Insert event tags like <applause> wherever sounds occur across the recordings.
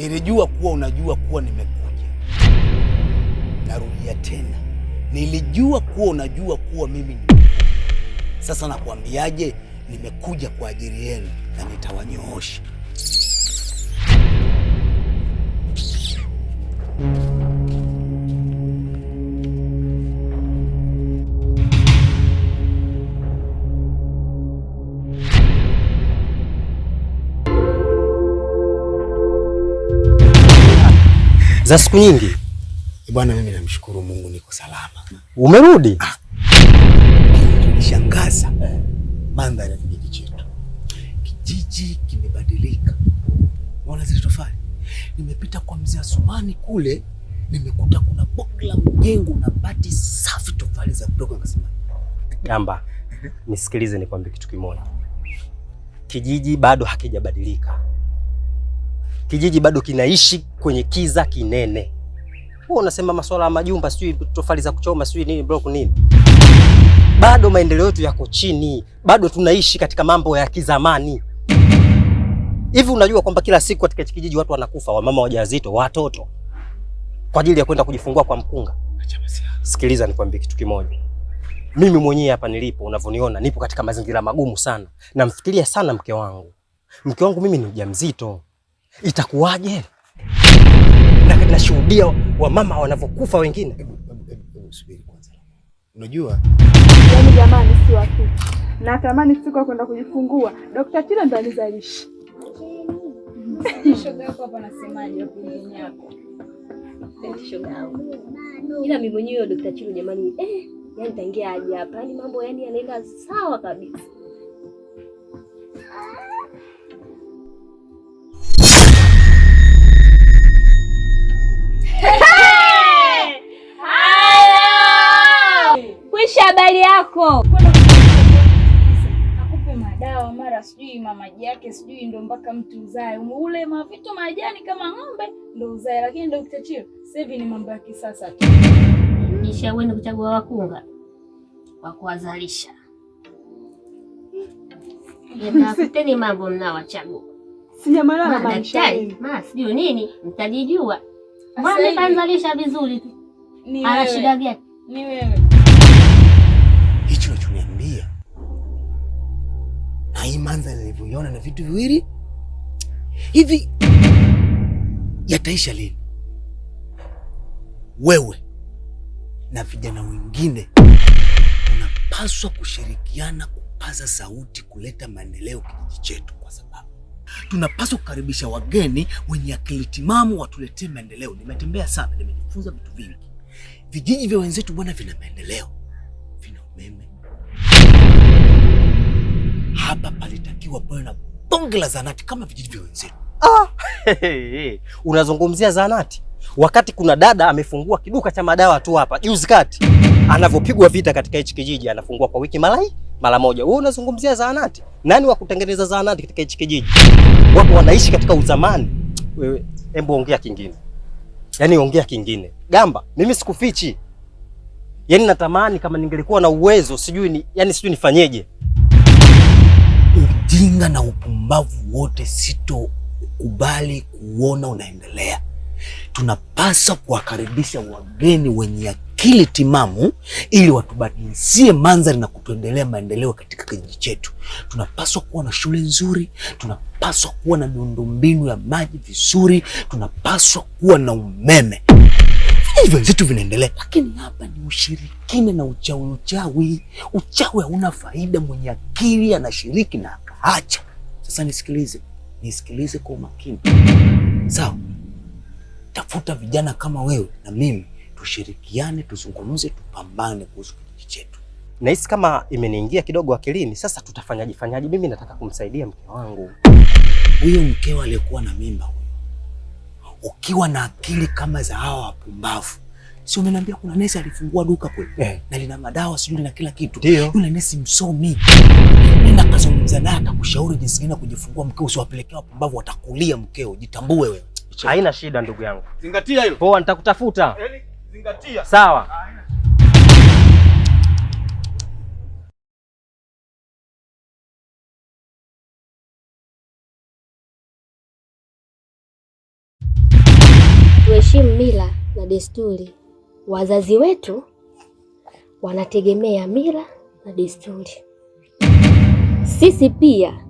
Nilijua kuwa unajua kuwa nimekuja. Narudia tena, nilijua kuwa unajua kuwa mimi ni Sasa nakuambiaje? Nimekuja kwa ajili yenu na nitawanyoosha. za siku nyingi. Eh, bwana, mimi namshukuru Mungu niko salama. Umerudi? Ah. Nishangaza mandhari ya kijiji chetu, kijiji kimebadilika. wana zile tofali, nimepita kwa mzee Asumani kule, nimekuta kuna bokla mjengo na bati safi, tofali za kutoka. Nikasema gamba, mhm. nisikilize nikwambie kitu kimoja, kijiji bado hakijabadilika kijiji bado kinaishi kwenye kiza kinene. Wewe unasema masuala ya majumba, sijui tofali za kuchoma, sijui nini bro, nini, bado maendeleo yetu yako chini, bado tunaishi katika mambo ya kizamani. Hivi unajua kwamba kila siku katika kijiji watu wanakufa, wamama wajawazito, watoto kwa ajili ya kwenda kujifungua kwa mkunga? Sikiliza nikwambie kitu kimoja. Mimi mwenyewe hapa nilipo, unavyoniona, nipo katika mazingira magumu sana. Namfikiria sana mke wangu. Mke wangu mimi ni mjamzito, itakuwaje? Na nashuhudia wamama wanavyokufa wengine. Subiri kwanza, unajua yani, jamani, si watu natamani siku kwenda kujifungua, Dokta Tilo ndo alizalisha shoga yako ila mimi mwenyewe Dokta Tilo jamani, eh, yani tangia aje hapa, yani mambo yani yanaenda sawa kabisa yako. kwenda madawa mara sijui mamaji yake sijui, ndo mpaka mtu uzae ule mavitu majani kama ng'ombe ndo uzae. Lakini ndo kitachio sasa hivi ni mambo ya kisasa tu. Nisha kuchagua wakunga wa kuwazalisha, yakafuteni mambo mnawachagua madaktari ma sijui nini, mtajijua. Bwana kanzalisha vizuri tu, ana shida gani? Ni wewe hii mandhari nilivyoiona na vitu viwili hivi, yataisha lini? Wewe na vijana wengine unapaswa kushirikiana kupaza sauti, kuleta maendeleo kijiji chetu, kwa sababu tunapaswa kukaribisha wageni wenye akili timamu watuletee maendeleo. Nimetembea sana, nimejifunza vitu vingi. Vijiji vya wenzetu bwana, vina maendeleo, vina umeme hapa palitakiwa pawe na bonge la zahanati kama vijiji vya wenzetu. Ah, hey, hey. Unazungumzia zahanati wakati kuna dada amefungua kiduka cha madawa tu hapa juzi kati, anavyopigwa vita katika hichi kijiji, anafungua kwa wiki mara mara moja. Wewe unazungumzia zahanati? Nani wa kutengeneza zahanati katika hichi kijiji? Wapo wanaishi katika uzamani. Wewe hebu ongea kingine, yaani ongea kingine gamba. Mimi sikufichi, yaani natamani kama ningelikuwa na uwezo, sijui ni, yani sijui nifanyeje ujinga na upumbavu wote sitokubali kuona unaendelea. tunapaswa kuwakaribisha wageni wenye akili timamu ili watubadilishie mandhari na kutuendelea maendeleo katika kijiji chetu. Tunapaswa kuwa na shule nzuri, tunapaswa kuwa na miundombinu ya maji vizuri, tunapaswa kuwa na umeme. Hivyo vitu vinaendelea, lakini hapa ni ushirikine na uchawi. Uchawi uchawi hauna faida. Mwenye akili anashiriki na acha sasa. Nisikilize, nisikilize kwa umakini, sawa? Tafuta vijana kama wewe na mimi, tushirikiane, tuzungumze, tupambane kuhusu kijiji chetu. Nahisi kama imeniingia kidogo akilini. Sasa tutafanyaje fanyaje? Mimi nataka kumsaidia mke wangu huyo, mkeo aliyekuwa na mimba huyo. Ukiwa na akili kama za hawa wapumbavu Si umeniambia kuna nesi alifungua duka kule eh, na lina madawa sijui na kila kitu. Yule nesi msomi. Nenda kazungumza naye akakushauri jinsi gani kujifungua mkeo, usiwapelekea wapumbavu, watakulia mkeo. Jitambue wewe. Haina shida ndugu yangu. Zingatia hilo. Poa, nitakutafuta. Eli, zingatia. Sawa. Tuheshimu mila na desturi. Wazazi wetu wanategemea mila na desturi. Sisi pia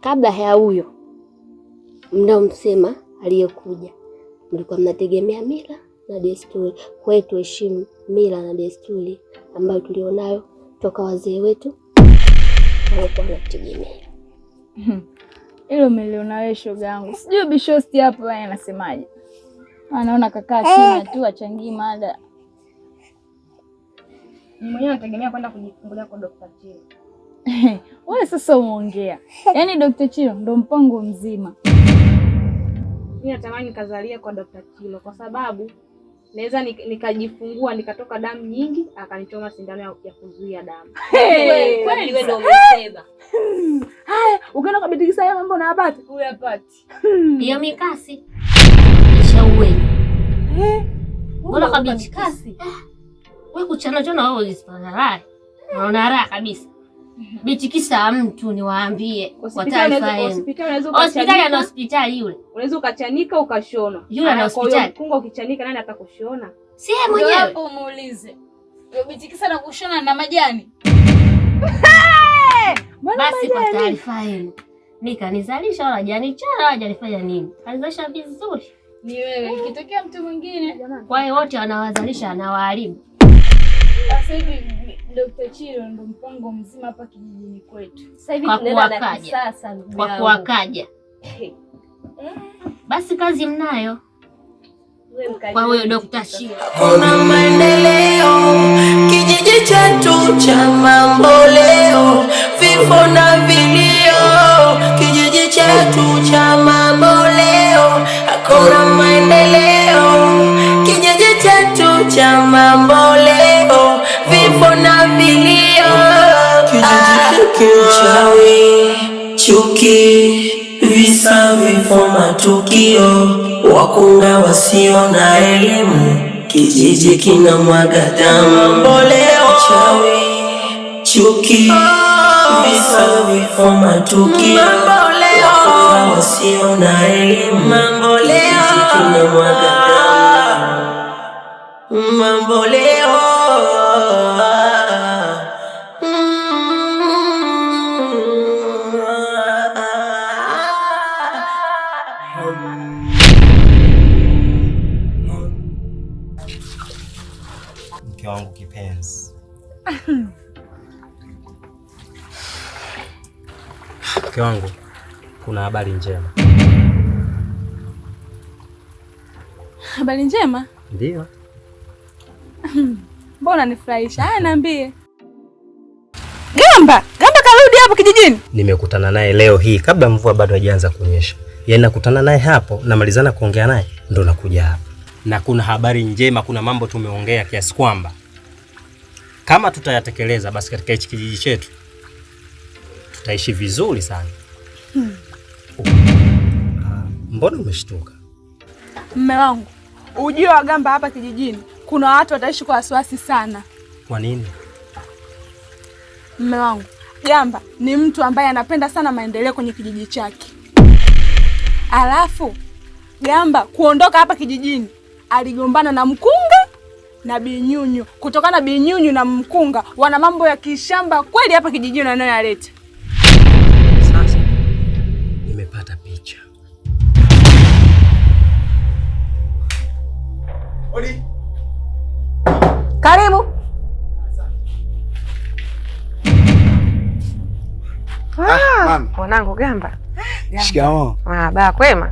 kabla ya huyo mnaomsema aliyekuja, mlikuwa mnategemea mila na desturi. Kwetu hiyo tuheshimu mila na desturi ambayo tulionayo toka wazee wetu walikuwa wanategemea. <laughs> Hilo mmeliona wewe, shoga yangu. Sijui Bishosti hapo anasemaje, anaona kakaa eh. chini tu achangii mada mwenyewe anategemea kwenda kujifungulia kwa Dr. Chilo. <laughs> Wewe sasa umeongea, yaani Dr. Chilo ndo mpango mzima. Mimi natamani kazalia kwa Dr. Chilo kwa sababu naweza nikajifungua nikatoka damu nyingi, akanichoma sindano ya kuzuia damu. <laughs> Kweli wewe ndio umesema haya? Ukienda kwa bidigisa yeye mambo unayapata, uyapati hmm. hiyo mikasi Eh? Mbona kabichi kasi We kuchana chana wewe usipana rai. Unaona raha kabisa. Mhm. Bichi kisa mtu niwaambie kwa taifa yenu. Hospitali ana hospitali yule. Unaweza ukachanika ukashona. Yule na hospitali. Kungo ukichanika nani atakushona? Si yeye mwenyewe. Hapo muulize. Yule bichi kisa na kushona na majani. Basi kwa taifa yenu. Mimi kanizalisha wala janichana wala jani fanya nini. Kanizalisha vizuri. Ni wewe. Ikitokea mtu mwingine. Kwa hiyo wote wanawazalisha na waalimu sasa hivi Dr. Chilo ndo mpango mzima hapa kijijini kwetu. Sasa hivi tunaenda na kisasa kwa kuwakaja. Basi kazi mnayo kwa huyo Dr. Chilo. Kuna maendeleo kijiji chetu cha mambo leo, vifo na vilio kijiji chetu cha mambo leo, hakuna maendeleo kijiji chetu cha mamboleo vilio, uchawi, chuki, visa, vifo, matukio, wakunga wasio na elimu, kijiji kina mwaga damu. Uchawi, chuki, oh. visa, vifo, matukio habari njema. Habari njema? ndio <laughs> Mbona nifurahisha? Haya, niambie. Gamba, Gamba karudi hapo kijijini? Nimekutana naye leo hii kabla mvua bado haijaanza kunyesha. Yaani nakutana naye hapo, namalizana kuongea naye ndo nakuja hapa. Na kuna habari njema, kuna mambo tumeongea kiasi kwamba kama tutayatekeleza basi katika hichi kijiji chetu tutaishi vizuri sana. Mbona umeshtuka? Mme wangu, wa gamba hapa kijijini kuna watu wataishi kwa wasiwasi sana. Kwa nini? Mme wangu, Gamba ni mtu ambaye anapenda sana maendeleo kwenye kijiji chake. Alafu Gamba kuondoka hapa kijijini aligombana na mkunga na Binyunyu. Kutokana Binyunyu na mkunga wana mambo ya kishamba kweli hapa kijijini wanayoyaleta. Poli. Karibu. Ah, ah mwanangu gamba. Gamba. Shikamoo. Ah, ba kwema.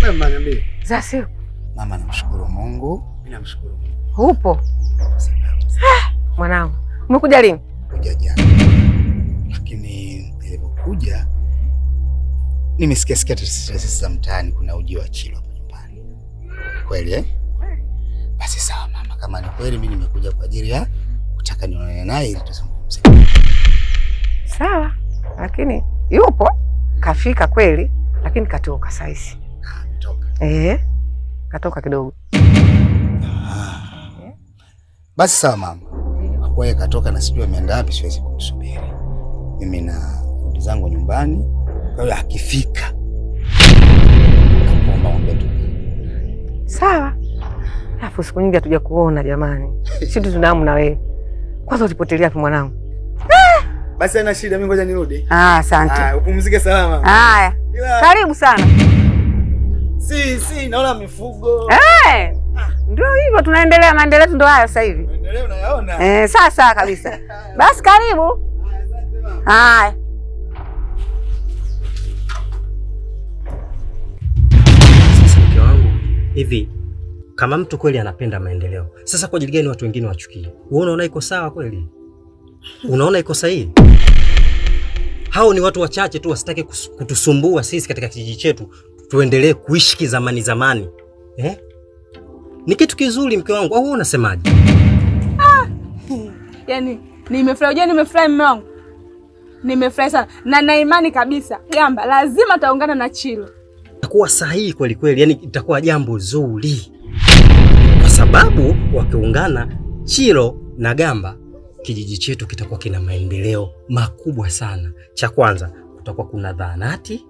Kwema niambie. Za siku. Mama namshukuru Mungu. Mimi namshukuru Mungu. Upo? Ah, mwanangu. Umekuja lini? Kuja jana. Lakini nilipokuja nimesikia sikia tetesi za mtaani kuna uji wa chilo hapa nyumbani. Kweli eh? Basi sawa mama, kama ni kweli mimi nimekuja kwa ajili ya kutaka nionane naye ili tuzungumze. Sawa, lakini yupo kafika kweli, lakini katoka saizi. Ah, katoka eh, katoka kidogo. Ah. Basi sawa mama, kwa hiyo katoka na sijui ameenda wapi, siwezi kumsubiri mimi na rudi zangu nyumbani. Kwa hiyo akifika sawa Alafu siku nyingi hatuja kuona jamani, sisi <laughs> tunahamu na wewe. Kwanza ulipotelea hapo mwanangu? Basi ana shida, mimi ngoja nirudi. Ah, asante. Ah, upumzike salama. Haya. Karibu sana. Si, si, naona mifugo. Eh. Ah. Ndio hivyo tunaendelea, maendeleo tu ndio haya sasa hivi. Maendeleo unayaona? Eh, sawa sawa kabisa. <laughs> Basi karibu. Haya. Sasa mke wangu hivi kama mtu kweli anapenda maendeleo. Sasa kwa ajili gani watu wengine wachukie? Wewe unaona iko sawa kweli? Unaona iko sahihi? Hao ni watu wachache tu wasitaki kutusumbua sisi katika kijiji chetu, tuendelee kuishi kizamani zamani, eh? Ni kitu kizuri mke wangu, au unasemaje? Ah! yani nimefurahi, je, nimefurahi mume wangu. Nimefurahi sana na na imani kabisa gamba lazima taungana na Chilo. Itakuwa sahihi kweli kweli, yani itakuwa jambo zuri sababu wakiungana Chilo na Gamba, kijiji chetu kitakuwa kina maendeleo makubwa sana. Cha kwanza kutakuwa kuna zahanati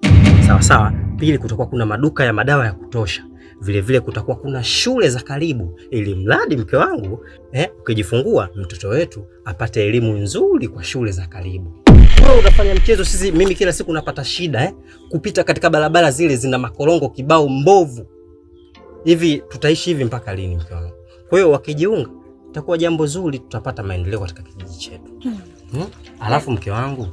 sawa sawa, pili kutakuwa kuna maduka ya madawa ya kutosha, vilevile vile kutakuwa kuna shule za karibu, ili mradi mke wangu eh, ukijifungua mtoto wetu apate elimu nzuri kwa shule za karibu. Wewe unafanya mchezo, sisi mimi kila siku napata shida eh, kupita katika barabara zile zina makorongo kibao mbovu hivi tutaishi hivi mpaka lini mke wangu? Kwa hiyo wakijiunga itakuwa jambo zuri, tutapata maendeleo katika kijiji chetu hmm. Hmm? Alafu mke wangu,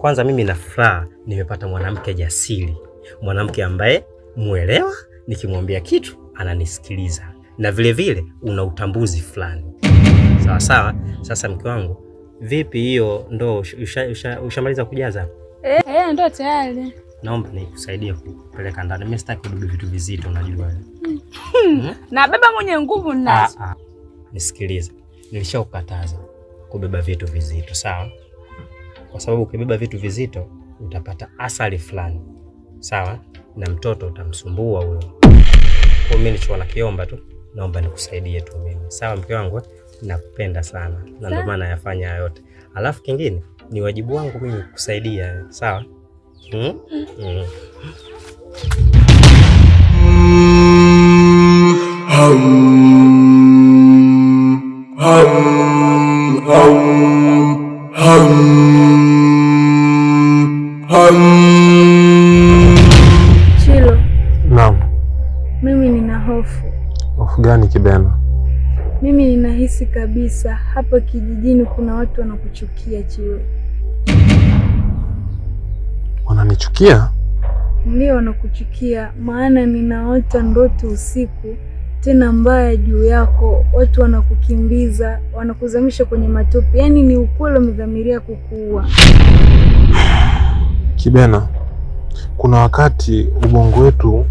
kwanza mimi na furaha nimepata mwanamke jasiri, mwanamke ambaye mwelewa, nikimwambia kitu ananisikiliza na vilevile vile, una utambuzi fulani sawa sawa. Sasa mke wangu, vipi hiyo ndoo ushamaliza usha, usha kujaza? Eh, eh, ndoo tayari naomba nikusaidie kupeleka ndani. Mimi sitaki kududu vitu vizito, unajua hmm? na mwenye nguvu ninazo. Ah, ah. Nisikilize, nilishaukataza kubeba vitu vizito, sawa? Kwa sababu ukibeba vitu vizito utapata athari fulani, sawa? Na mtoto utamsumbua huyo. Kwa mimi nilichokuwa nakiomba tu, naomba nikusaidie tu mimi, sawa mke wangu? Nakupenda sana na ndio maana yafanya yote. Alafu kingine ni wajibu wangu mimi kukusaidia, sawa? Chilo, naam. Mimi nina hofu. Hofu gani Kibena? Mimi ninahisi kabisa hapa kijijini kuna watu wanakuchukia Chilo. Wananichukia? Ndio, wanakuchukia, maana ninaota ndoto usiku tena mbaya juu yako. Watu wanakukimbiza, wanakuzamisha kwenye matope, yaani ni ukweli, wamedhamiria kukuua. <sighs> Kibena, kuna wakati ubongo wetu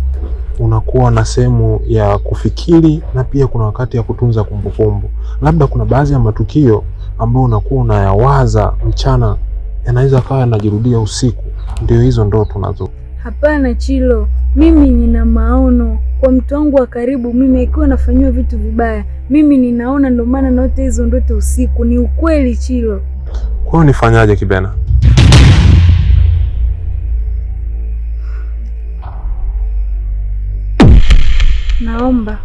unakuwa na sehemu ya kufikiri na pia kuna wakati ya kutunza kumbukumbu. Labda kuna baadhi ya matukio ambayo unakuwa unayawaza mchana yanaweza kawa yanajirudia usiku. Ndio hizo ndo tunazo. Hapana Chilo, mimi nina maono kwa mtu wangu wa karibu. Mimi akiwa nafanyiwa vitu vibaya, mimi ninaona, ndo maana naote hizo ndoto usiku. Ni ukweli Chilo. Kwa hiyo nifanyaje Kibena? Naomba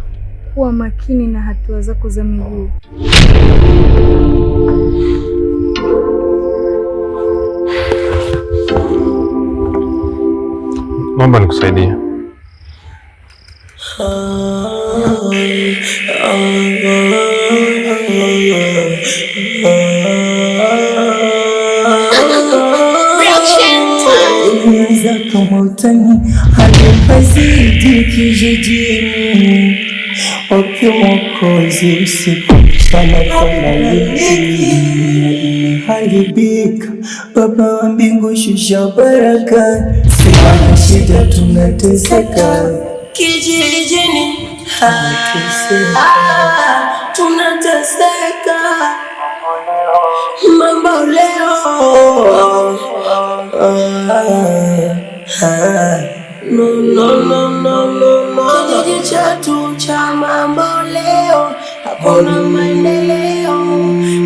kuwa makini na hatua zako za miguu. Naomba nikusaidie. Wakiwa kozi usiku Baba wa mbingu shusha baraka shida tunateseka, kijijini tunateseka, mambo leo ah, ah, ah. kijiji chetu cha mambo leo hakuna maendeleo,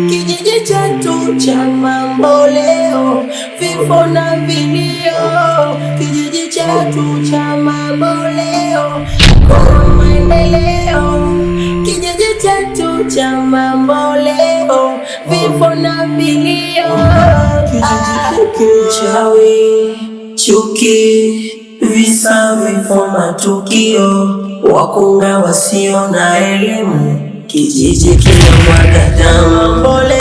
kijiji chetu cha mambo leo vifo na vilio chetu cha mamboleo kwa maendeleo, kijiji chetu cha mamboleo, vifo na vilio, uchawi, chuki, visa, vifo, matukio, wakunga wasio na elimu, kijiji kinamwaga damu mamboleo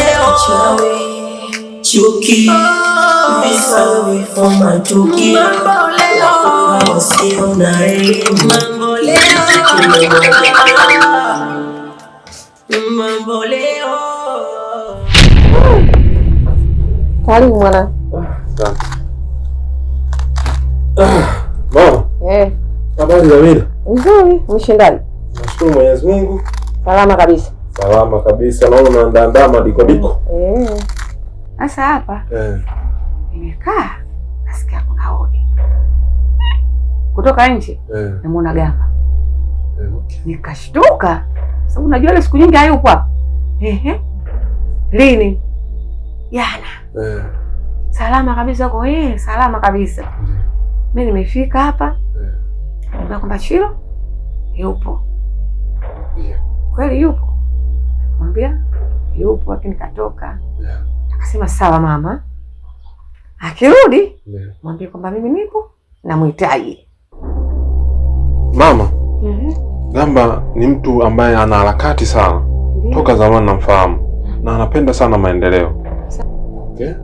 Chuki visa vifo matuki, wako wasio na elimu, mambo leo. Karibu mwana eh. habari za mila. Nzuri, mshindani. Nashukuru Mwenyezi Mungu, salama kabisa, salama kabisa. Naona unaandaandaa madiko diko. Eh. Sasa hapa eh, nimekaa nasikia kuna hodi kutoka nje eh, nimeona gamba eh, okay. Nikashtuka sababu unajua ile siku nyingi hayupo hapa eh. lini jana eh, salama kabisa ko eh, salama kabisa mm. nimefika hapa eh, kwamba chilo yupo yeah. Kweli yupo, mwambia yupo, lakini katoka yeah. Akasema sawa mama, akirudi yeah. mwambie kwamba mimi nipo namhitaji mama Gamba mhm. mm -hmm. ni mtu ambaye ana harakati sana Ndiyo. toka zamani namfahamu na anapenda sana maendeleo yeah.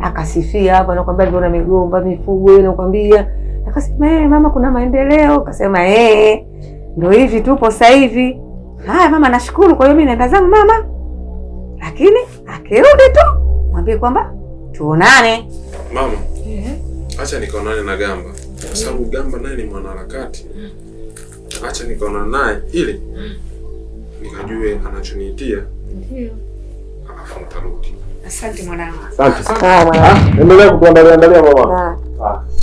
akasifia hapo anakwambia alivyoona migomba mifugo nakwambia, akasema hey, eh, mama kuna maendeleo. Akasema hey, eh, ndio hivi tupo sasa hivi. Haya mama, nashukuru. Kwa hiyo mimi naenda zangu mama, lakini akirudi tu mwambie kwamba tuonane. Mama, eh? acha nikaonane na Gamba kwa sababu Gamba naye ni mwanaharakati. Acha nikaonana naye ili nikajue anachoniitia, alafu nitarudi. Asante mwanangu. Asante. Endelea kutuandalia andalia mama.